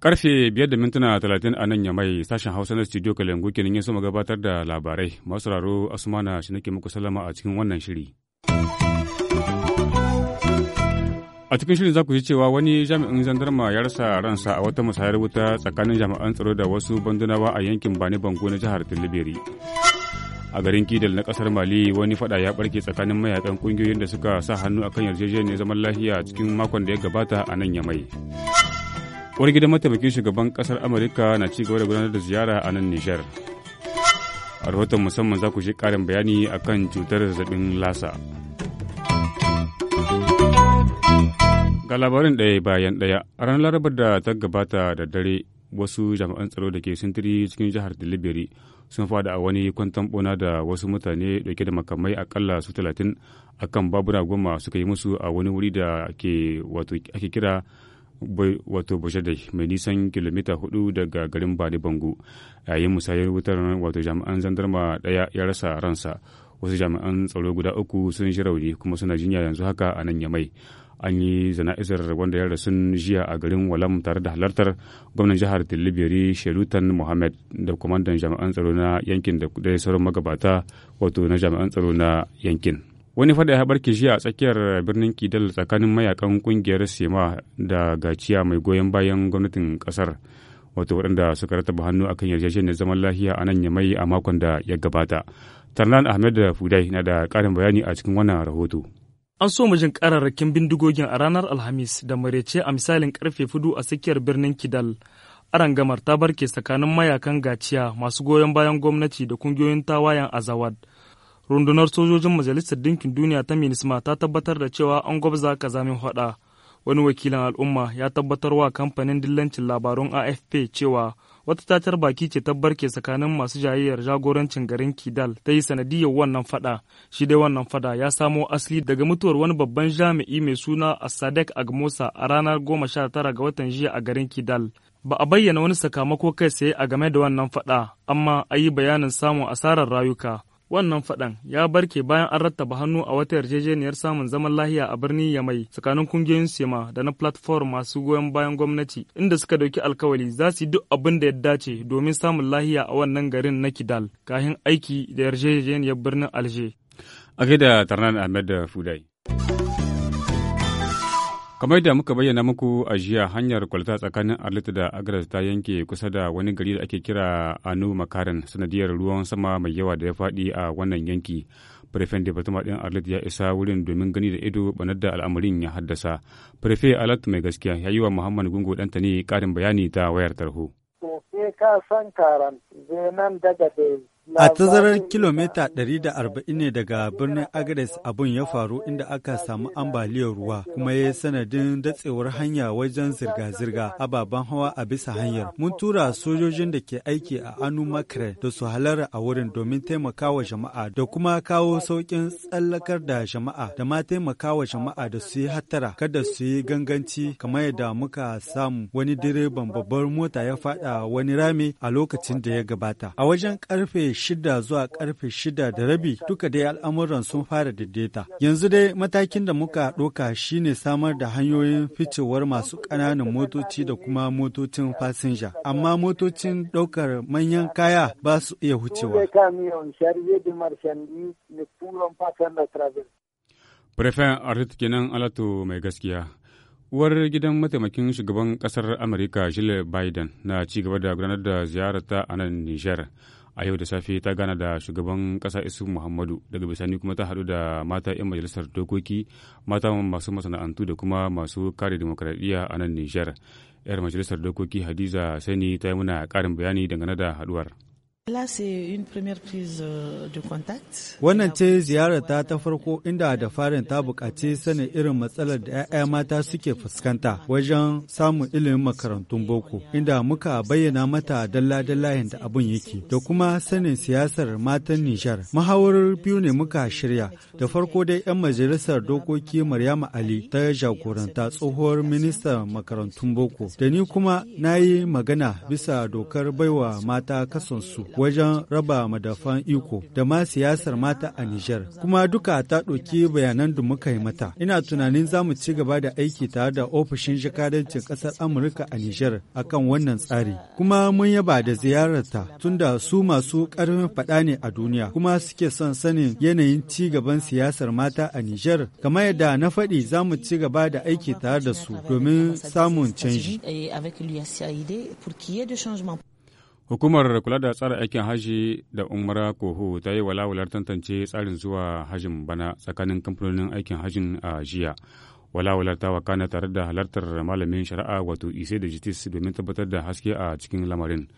Karfe biyar da mintuna talatin a nan yamai sashen Hausa na studio Kalangu kenan ya soma gabatar da labarai. Masu raro Asumana shi nake muku salama a cikin wannan shiri. A cikin shirin za ku ji cewa wani jami'in zandarma ya rasa ransa a wata musayar wuta tsakanin jami'an tsaro da wasu bandunawa a yankin Bani Bango na jihar Tilibiri. A garin Kidal na kasar Mali wani fada ya barke tsakanin mayakan kungiyoyin da suka sa hannu akan yarjejeniyar zaman lafiya cikin makon da ya gabata a nan Yamai. Wani gidan mataimakin shugaban kasar Amurka na ci gaba da gudanar da ziyara a nan Nijar. A rahoton musamman za ku ji ƙarin bayani akan cutar zazzabin lasa. Ga labarin ɗaya bayan ɗaya, a ranar Larabar da ta gabata da dare wasu jami'an tsaro da ke sintiri cikin jihar Delivery sun fada a wani kwantan bona da wasu mutane dauke da makamai akalla su talatin a kan babura goma suka yi musu a wani wuri da ke ake kira wato Boshadai mai nisan kilomita hudu daga garin bali Bango yayin musayar wutar wato jami'an zandarma daya ya rasa ransa wasu jami'an tsaro guda uku sun shi rauni kuma suna jinya yanzu haka a nan Yamai. an yi zana'izar wanda ya rasu jiya a garin walam tare da halartar gwamnan jihar tilibiri shelutan mohammed da kwamandan jami'an tsaro na yankin da sauran magabata wato na jami'an tsaro na yankin wani fada ya barke jiya a tsakiyar birnin kidal tsakanin mayakan kungiyar sema da gaciya mai goyon bayan gwamnatin kasar wato waɗanda suka rataba hannu akan yarjejeniyar zaman lafiya a nan ya mai a makon da ya gabata tarnan ahmed fudai na da ƙarin bayani a cikin wannan rahoto An so jin kararrakin bindigogin a ranar Alhamis da marece a misalin karfe fudu a tsakiyar birnin Kidal. Arangamar ta barke tsakanin mayakan gaciya masu goyon bayan gwamnati da kungiyoyin tawayen Azawad. Rundunar sojojin Majalisar Dinkin Duniya ta Minisma ta tabbatar da cewa an gwabza kazamin hada. Wani wakilin al'umma ya tabbatar wa kamfanin dillancin labarun AFP cewa wata tatar baki ce ta barke tsakanin masu jayayyar jagorancin garin kidal ta yi sanadiyar wannan fada shi dai wannan fada ya samo asali daga mutuwar wani babban jami'i mai suna asadek agmosa a ranar goma sha tara ga watan jiya a garin kidal ba a bayyana wani sakamako kai tsaye a game da wannan fada amma a yi bayanin samun asarar rayuka wannan faɗan ya barke bayan an rattaba hannu a wata yarjejeniyar samun zaman lahiya a birnin yamai tsakanin kungiyoyin sema da na platform masu goyon bayan gwamnati inda suka dauki alkawali za su yi duk abin da ya dace domin samun lahiya a wannan garin na kidal kahin aiki da yarjejeniyar birnin alje. a gaida tarnan ahmed fudai kamar yadda muka bayyana muku a jiya hanyar kwalita tsakanin arlita da agras ta yanke kusa da wani gari da ake kira anu makaran sanadiyar ruwan sama mai yawa da ya faɗi a wannan yanki prefen departement ɗin arlit ya isa wurin domin gani da ido banar da al'amarin ya haddasa prefe alat mai gaskiya ya yi wa muhammad gungu ɗanta ne ƙarin bayani ta wayar tarho. ka san karan nan daga da A tazarar kilomita 140 ne daga birnin Agres abun ya faru inda aka samu ambaliyar ruwa kuma ya yi sanadin datsewar hanya wajen zirga-zirga ababen hawa a bisa hanyar. Mun tura sojojin da ke aiki a Anu Makre da su halara a wurin domin taimakawa jama'a da kuma kawo sauƙin tsallakar da jama'a da ma taimakawa jama'a da su yi hattara kada su yi ganganci kamar yadda muka samu wani direban babbar mota ya faɗa wani rami a lokacin da ya gabata. A wajen karfe shida zuwa karfe shida da rabi duka dai al'amuran sun fara daidaita. Yanzu dai matakin da muka ɗoka shine samar da hanyoyin ficewar masu ƙananan motoci da kuma motocin fasinja. Amma motocin ɗaukar manyan kaya ba su iya hucewa. Prefen Arit kenan Alatu mai gaskiya. Uwar gidan mataimakin shugaban kasar Amurka Jill Biden na ci gaba da gudanar da ziyarata a nan Nijar. a yau da safe ta gana da shugaban kasa isu muhammadu daga bisani kuma ta haɗu da mata 'yan majalisar dokoki mata masu masana'antu da kuma masu kare demokradiyya a nan nijar 'yar majalisar dokoki hadiza sani ta yi muna ƙarin bayani dangane da haɗuwar. Euh, Wannan ce ziyarata ta farko inda da farin ta buƙaci sanin irin matsalar da 'ya'ya mata suke fuskanta wajen samun ilimin makarantun boko, inda muka bayyana mata dalla-dalla yadda abun yake, da kuma sanin siyasar matan Nijar. Mahawarar biyu ne muka shirya, da farko dai 'yan majalisar dokoki Maryama Ali ta jagoranta tsohuwar ministan makarantun boko, da ni kuma na yi magana bisa dokar baiwa mata kasansu. wajen raba madafan iko da ma siyasar mata a Nijar. Kuma duka ta ɗauki bayanan da muka yi mata. Ina tunanin za mu ci gaba da aiki tare da ofishin jakadancin ƙasar Amurka a Nijar akan wannan tsari. Kuma mun yaba da ziyararta tunda su masu ƙarfin faɗa ne a duniya kuma suke son sanin yanayin ci gaban siyasar mata a Nijar. Kamar yadda na faɗi za mu ci gaba da aiki tare da su domin samun canji. Hukumar kula da tsara aikin haji da umara koho ta yi walawalar tantance tsarin zuwa hajin bana tsakanin kamfanonin aikin hajin a jiya. Walawalar ta wakana tare da halartar malamin shari'a wato ise da jitis domin tabbatar da haske a cikin lamarin.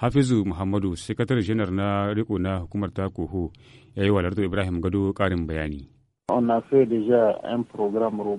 Hafizu Muhammadu, sakatare janar na riko na hukumar ta koho, ya yi walartar Ibrahim Gado karin bayani.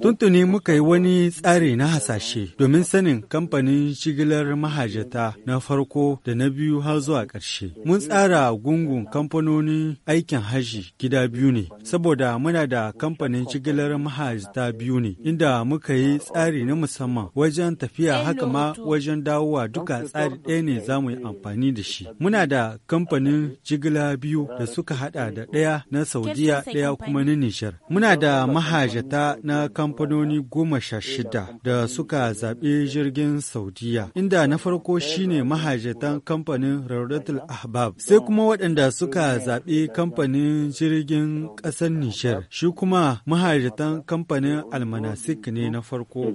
Tuntuni muka yi wani tsari na hasashe domin sanin kamfanin shigilar mahajata na farko da na biyu har zuwa ƙarshe. Mun tsara gungun kamfanonin aikin haji gida biyu ne, saboda muna da kamfanin shigilar mahajata biyu ne, inda muka yi tsari na musamman wajen tafiya haka ma wajen dawowa duka tsari ɗaya ne za mu yi amfani da shi. Muna da kamfanin jigila biyu da suka haɗa da ɗaya na Saudiya ɗaya kuma na Nijar. Muna da mahajata na kamfanoni goma sha shida da suka zaɓi jirgin Saudiya, inda na farko shine mahajatan kamfanin Raudatul Ahbab, sai kuma waɗanda suka zaɓi kamfanin jirgin ƙasar Nishar, shi kuma mahajatan kamfanin Almanasik ne na farko.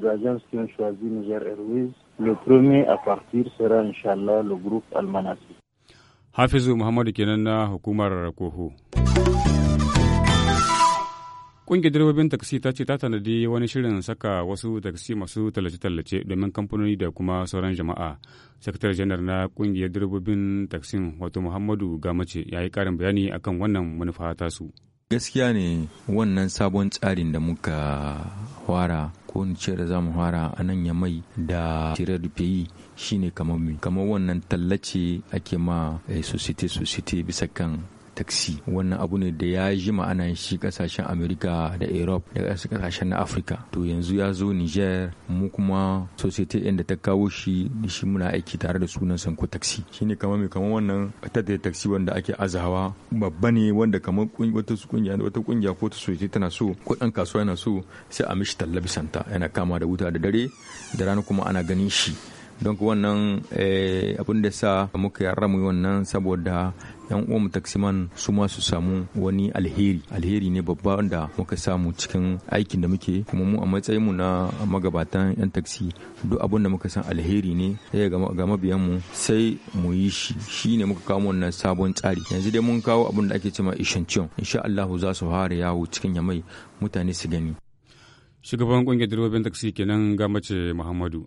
Hafizu Muhammadu kenan na hukumar rakoho. Ƙungiyar direbobin taksi ta ce ta tanadi wani shirin saka wasu taksi masu tallace-tallace domin kamfanoni da kuma sauran jama'a. Sakatar janar na ƙungiyar direbobin taksin wato Muhammadu Gamace ya yi ƙarin bayani akan wannan manufa tasu. Gaskiya ne wannan sabon tsarin da muka fara ko in ce da zamu mu fara a nan ya mai da shirar rufe shine kamar kamar wannan tallace ake ma eh, society society bisa kan taksi wannan abu ne da ya ji ma'ana shi kasashen america da europe da kasashen na africa to yanzu ya zo niger mu kuma society ɗin da ta kawo shi da shi muna aiki tare da sunan sanko taksi shine kamar mai kamar wannan tattalin taksi wanda ake azawa babba ne wanda kamar wata kungiya wata kungiya ko ta society tana so ko dan kasuwa yana so sai a mishi tallabi santa yana kama da wuta da dare da rana kuma ana ganin shi don wannan eh, abin da sa muka yarra mu wannan saboda yan uwan taksiman su ma su samu wani alheri alheri ne babba da muka samu cikin aikin da muke kuma mu a mu na magabatan yan taksi duk abin da muka san alheri ne sai eh, ga mu sai mu yi shi shi ne muka kawo wannan sabon tsari yanzu dai mun kawo abin da ake cewa ishanciyon insha Allah za su fara yawo cikin yamai mutane su gani shugaban kungiyar direbobin taksi kenan ga mace Muhammadu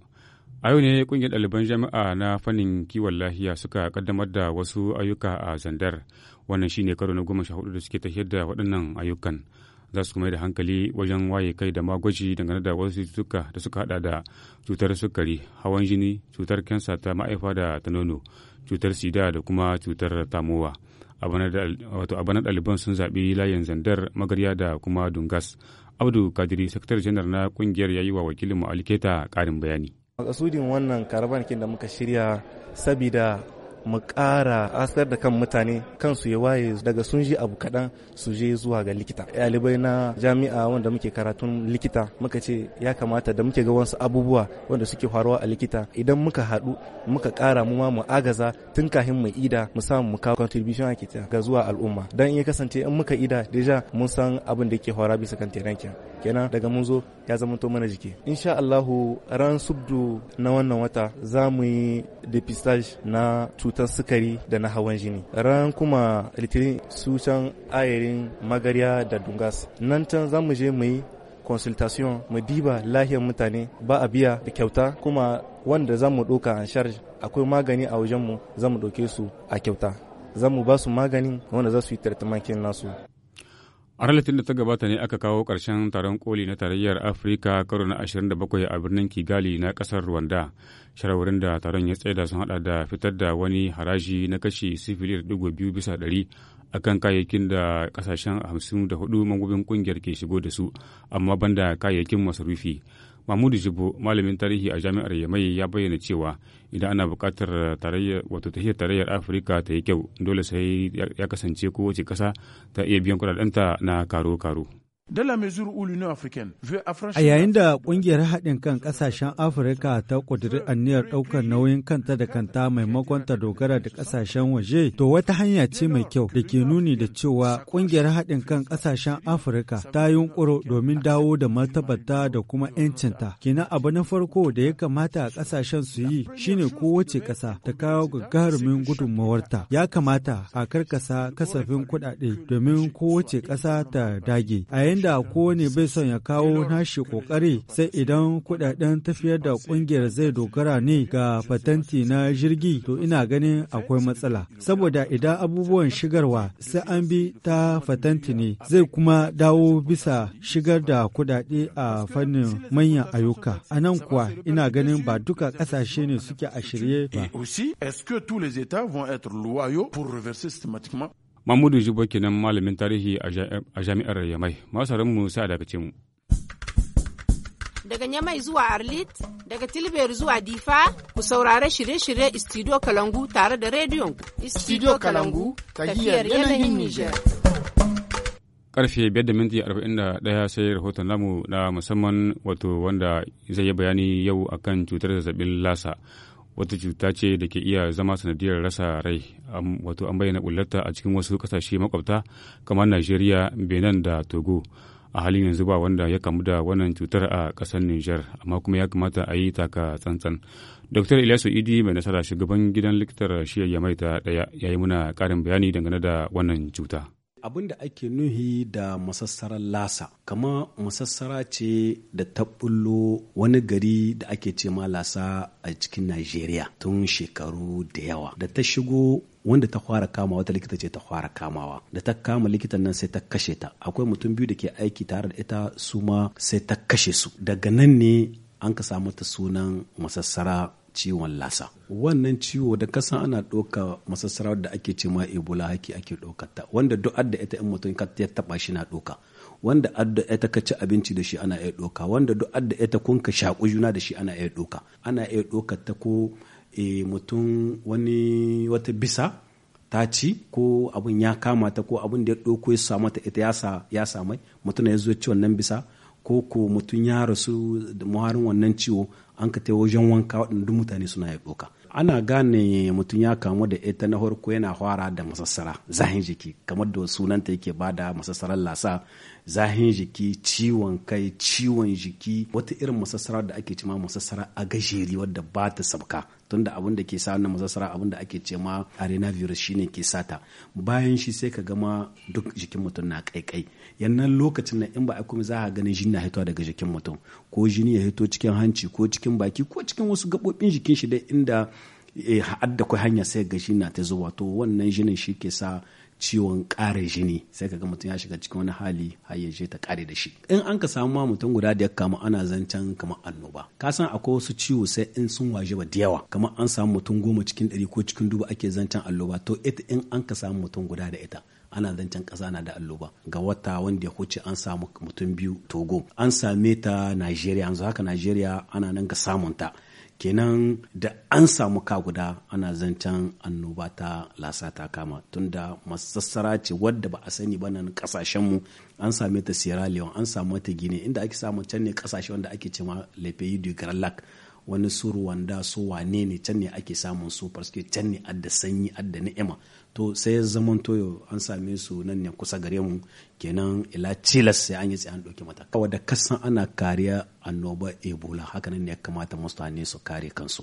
A yau ne kungiyar ɗaliban jami'a na fannin kiwon lafiya suka kaddamar da wasu ayyuka a Zandar. Wannan shine karo na goma sha hudu da suke tafiyar da waɗannan ayyukan. Za su kuma da hankali wajen waye kai da magwaji dangane da wasu cututtuka da suka haɗa da cutar sukari, hawan jini, cutar kansa ta ma'aifa da ta nono, cutar sida da kuma cutar tamowa. A bana ɗaliban sun zaɓi layin Zandar, Magarya da kuma Dungas. Abdu Kadiri, Sakatar Janar na ƙungiyar ya yi wa wakilinmu Aliketa ƙarin bayani. Makasudin wannan karaban kin da muka shirya sabida mu ƙara asar da kan mutane kansu ya waye daga sun ji abu kaɗan su je zuwa ga likita ɗalibai na jami'a wanda muke karatun likita muka ce ya kamata da muke ga wasu abubuwa wanda suke faruwa a likita idan muka haɗu muka ƙara mu ma mu agaza tun kafin mu ida mu samu mu kawo contribution ake ga zuwa al'umma dan in ya kasance in muka ida deja mun san abin da yake faruwa bisa kan tenan kenan daga mun zo ya zama to mana jiki insha Allahu ran subdu na wannan wata za mu yi depistage na cutar sukari da na hawan jini ran kuma litinin su can ayarin magarya da dungas nan can za mu je mu yi consultation mu diba lahiyar mutane ba a biya da kyauta kuma wanda za mu ɗauka a charge akwai magani a wajenmu za mu ɗauke su a kyauta za mu ba su maganin wanda za su yi tartamakin nasu a da ta gabata ne aka kawo ƙarshen taron koli na tarayyar afirka karo na 27 a birnin kigali na ƙasar rwanda shawarwarin da taron ya tsaida sun hada da fitar da wani haraji na kashi biyu bisa ɗari a kan kayayyakin da kasashen hamsin da hudu mangobin kungiyar ke shigo da su amma banda kayayyakin masarufi mahmudu jibo malamin tarihi a jami'ar yamai ya bayyana cewa idan ana buƙatar wato tahiyar tarayyar afirka ta yi kyau dole sai ya kasance kowace ƙasa ta iya biyan ta na karo-karo A yayin da ƙungiyar haɗin kan ƙasashen Afirka ta ƙudiri anniyar ɗaukar nauyin kanta da kanta maimakon ta dogara da ƙasashen waje, to wata hanya ce mai kyau da ke nuni da cewa ƙungiyar haɗin kan ƙasashen Afirka ta yunƙuro domin dawo da martabarta da kuma 'yancinta. kina abu na farko da ya kamata a ƙasashen su yi shine kowace ƙasa ta kawo gagarumin gudunmawarta. Ya kamata a karkasa kasafin kuɗaɗe domin kowace ƙasa ta dage. A yayin da kowane bai son ya kawo nashi kokari sai idan kudaden tafiyar da kungiyar zai dogara ne ga fatanti na jirgi to ina ganin akwai matsala saboda idan abubuwan shigarwa sai an bi ta fatanti ne zai kuma dawo bisa shigar da kudade a fannin manyan ayyuka a nan kuwa ina ganin ba duka kasashe ne suke a shirye ba Mamudu Jibo kenan malamin tarihi a jami'ar Yamai. Masarin mu sai a dakace mu. Daga Yamai zuwa Arlit, daga Tilber zuwa Difa, ku saurare shirye-shirye Studio Kalangu tare da rediyon Studio Kalangu, tahiyar yanayin Nijar. Karfe ɗaya sai rahoton namu na musamman wato wanda zai yi bayani yau akan cutar zazzabin lasa. wata cuta ce da ke iya zama sanadiyar rasa rai wato an bayyana bullarta a cikin wasu kasashe makwabta kamar najeriya benin da togo a halin yanzu ba wanda ya kamu da wannan cutar a ƙasar niger amma kuma ya kamata a yi taka tsantsan dr ilyasu idi mai nasara shugaban gidan likitar shiyar ta daya ya yi muna ƙarin bayani dangane da wannan cuta abin da ake nuhi da masassarar lasa kama masassara ce da ta bullo wani gari da ake ce ma lasa a cikin najeriya tun shekaru da yawa da ta shigo wanda ta fara kamawa ta likita ce ta fara kamawa da ta kama likitan nan sai ta kashe ta akwai mutum biyu da ke aiki tare da ita su ma sai ta kashe su daga nan ne an ka samu ta sunan masassara ciwon lasa wannan ciwo da kasan ana ɗauka masassarar da ake ce ma ebola haki ake ɗaukar ta wanda duk adda ita in mutum ya taɓa shi na ɗauka wanda adda ita ka ci abinci da shi ana iya ɗauka wanda duk adda ita kun ka shaƙu juna da shi ana iya ɗauka ana iya ɗaukar ta ko eh, mutum wani wata bisa ta ci ko abin ya kama ta ko abin da ya ɗauko ya samu ta ita ya sa mai mutum ya zo ci wannan bisa ko ko mutum ya rasu da muharin wannan ciwo an ka wajen wanka waɗanda mutane suna ya ɗoka ana gane mutum ya kamu da ita na farko yana fara da masassara zahin jiki kamar da sunanta yake bada masassarar lasa zahin jiki ciwon kai ciwon jiki wata irin masassara da ake cima masassara a gajeri wadda ba ta sabka tunda abin da ke sa wannan masassara abin da ake ce arena virus shine ke sata bayan shi sai ka gama duk jikin mutum na kaikai yannan lokacin na in ba a kuma za a ganin jini na hita daga jikin mutum ko jini ya hito cikin hanci ko cikin baki ko cikin wasu gaɓoɓin jikin shi dai inda eh, hadda kai hanya sai ga jini na ta zuwa to wannan jinin shi ke sa ciwon ƙara jini sai ka ga mutum ya shiga cikin wani hali har ya ta ƙare da shi in an ka samu ma mutum guda da ya kamu ana zancen kamar annoba ka san akwai wasu ciwo sai in sun waje ba da yawa kamar an samu mutum goma cikin ɗari ko cikin dubu ake zancen annoba to ita in an ka samu mutum guda da ita ana zancen ƙasa na da alloba ga wata wanda ya huce an samu mutum biyu togo an same ta najeriya yanzu haka najeriya ana nan ga samunta kenan da an samu ka guda ana zancen annoba ta lasa ta kama tunda masassara ce wadda ba a sani ba nan kasashenmu an same ta sierra leone an samu ta gini inda ake samu can ne kasashe wanda ake cewa lefe du grand wani su ruwanda su wane ne can ne ake samun su parce can ne adda sanyi adda ni'ima to sai zaman toyo an same su nan ne kusa gare mu kenan ila tilas sai an yi tsaye an ɗauki mata kawai da kasan ana kariya annoba ebola haka nan ne ya kamata mutane su kare kansu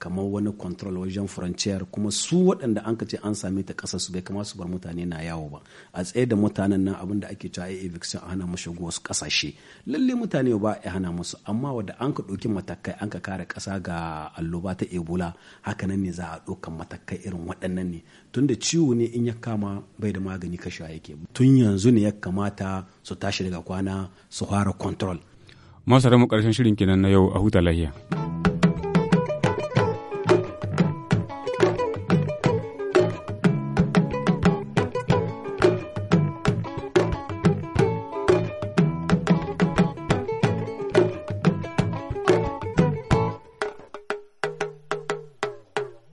kamar wani control wajen frontier kuma su waɗanda an ce an same ta ƙasa su bai kama su bar mutane na yawo ba a tsaye da mutanen nan abinda ake cewa ai eviction a hana mu shigo wasu ƙasashe lalle mutane ba a hana musu amma wanda an ka ɗauki matakai an ka kare ƙasa ga alloba ta ebola haka nan ne za a ɗaukan matakai irin waɗannan ne tunda ciwo ne in ya kama bai da magani kashewa yake tun yanzu ne ya kamata su tashi daga kwana su fara control masu ramu ƙarshen shirin kenan na yau a huta lahiya.